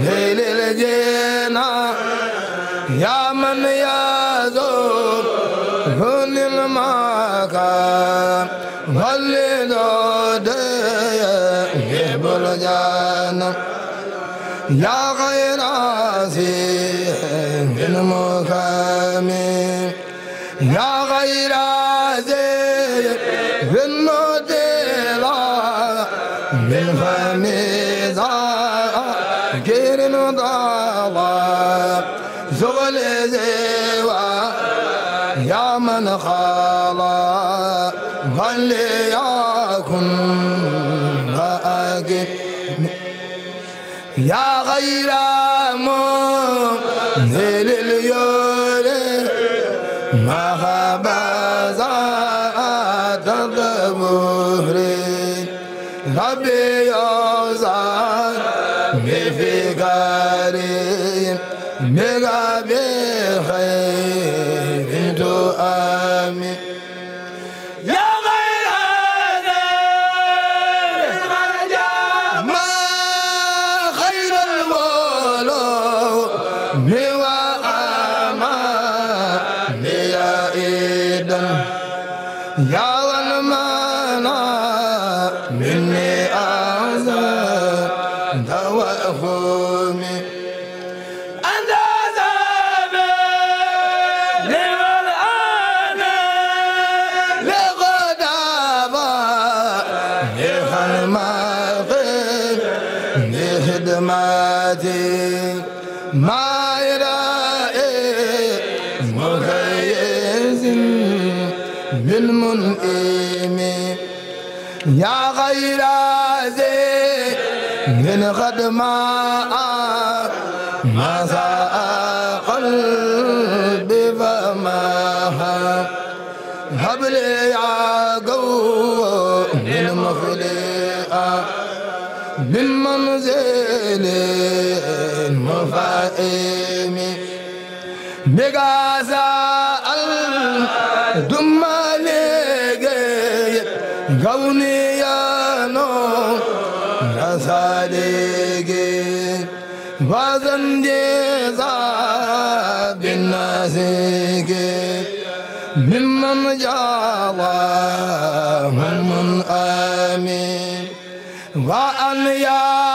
هيل الجينا يا من يذوب هن المقام ولدود يهب الجنة يا غير زين المقام يا غير زين المدلع من فمي غير مضاضى زغل زيوى يا من خالا وليكن معك يا غير مذل اليول ما غبر mbooloo الذي ما يرائي مغيز بالمنئم يا غير ذي من قد ما ما قلبي فما هب لي يا قوم من مفلئة من منزلي فائمي مغازا الدمالي غوني يا نو نزالي وزن جزا بالنازيك ممن جاوى من آمين وأن يا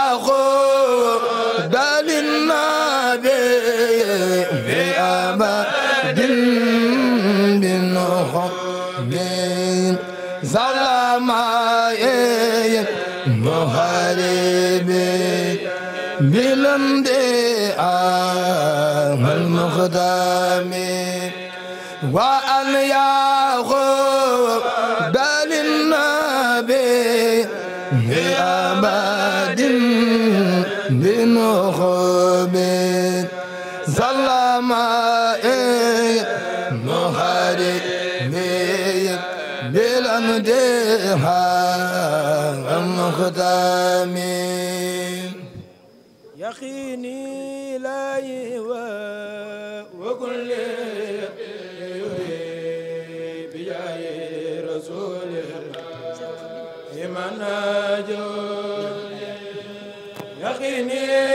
zalamaye muharibi bilamdi amal mukhdami wa an yaqu dalin nabi bi abadin binukhbi zalamaye muharibi مديحا المختامين يقيني لا يهوى وكل بجاي رسول إيمان يقيني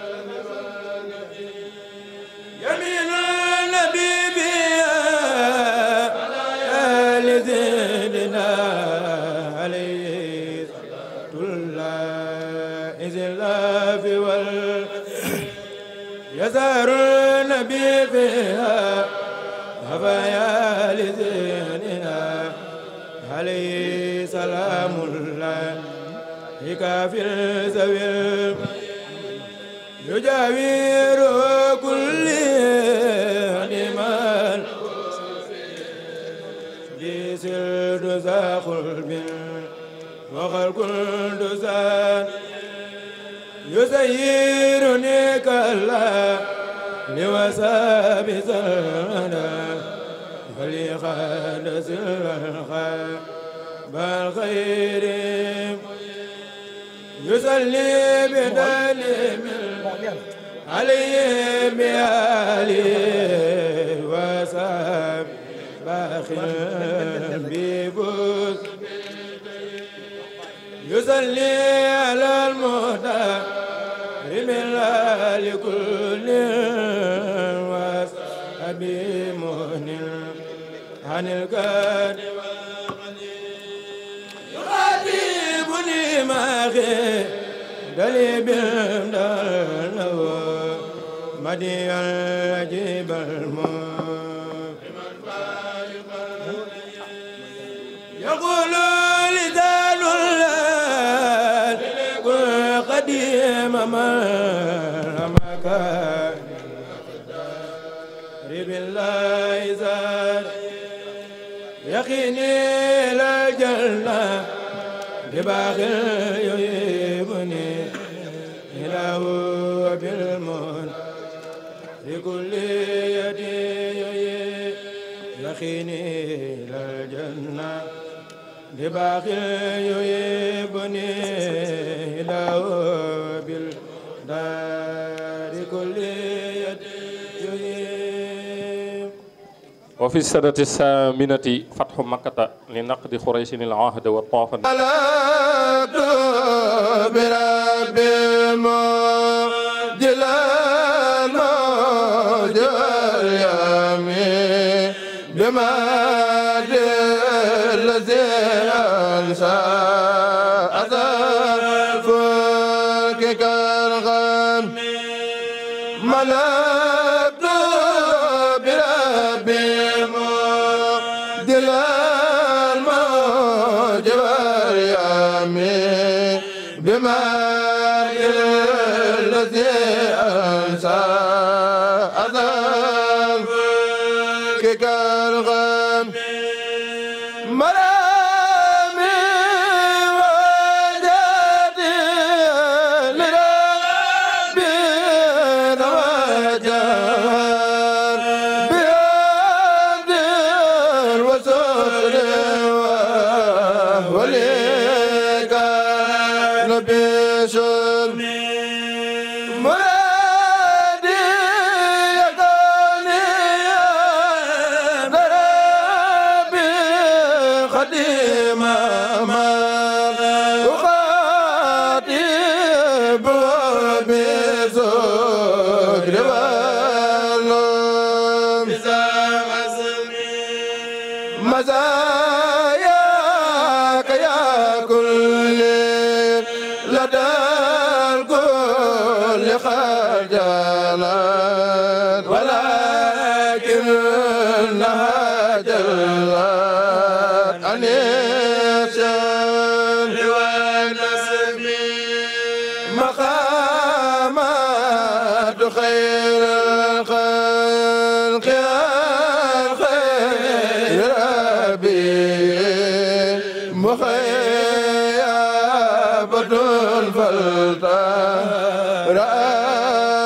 ربي بها هبايا لذهننا عليه سلام الله في الزوير يجاوير كل نمان لسر ذا خلب وخلق دزان يسيرني كالله لوساب زلمنا فليخلص الخير بالخير يسلي بدليل عليه بآله وسام باخر بفوز يسلي على المهتم من لكل أبي مهن عن القاد يغادبني ماخي دلي بالدلو مدي الجيب الموت يقول لذال الليل قديم من مكان أدخلي الجنة بباخر يهيبني إله بالمن لكل يدي يخيني الجنة بباخر يهيبني إله بالدار wa fi sanati saminati fatxu makkata li naqdi xuraysin al ahda wa taafan الجلال موجب اليامين بما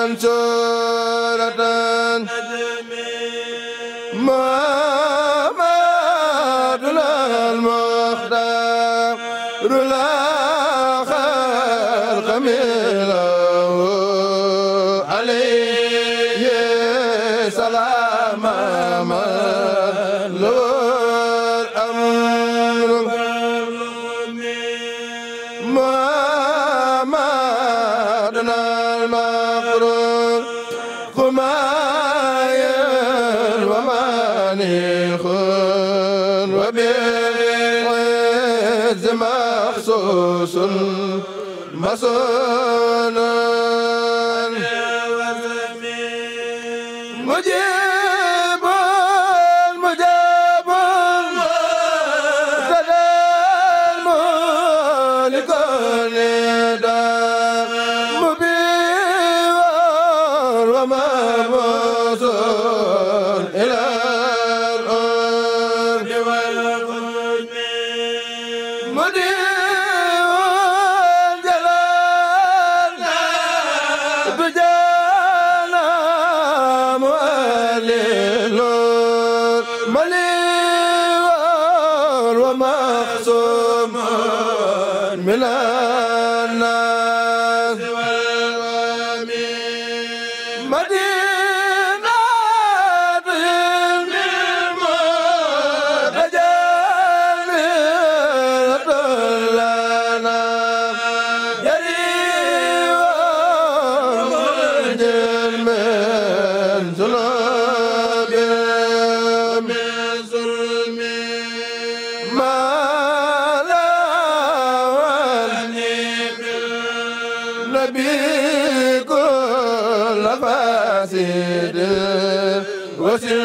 منصورة محمد المختار لا خلق مله عليه سلام مله الأمر محمد المختار musul masul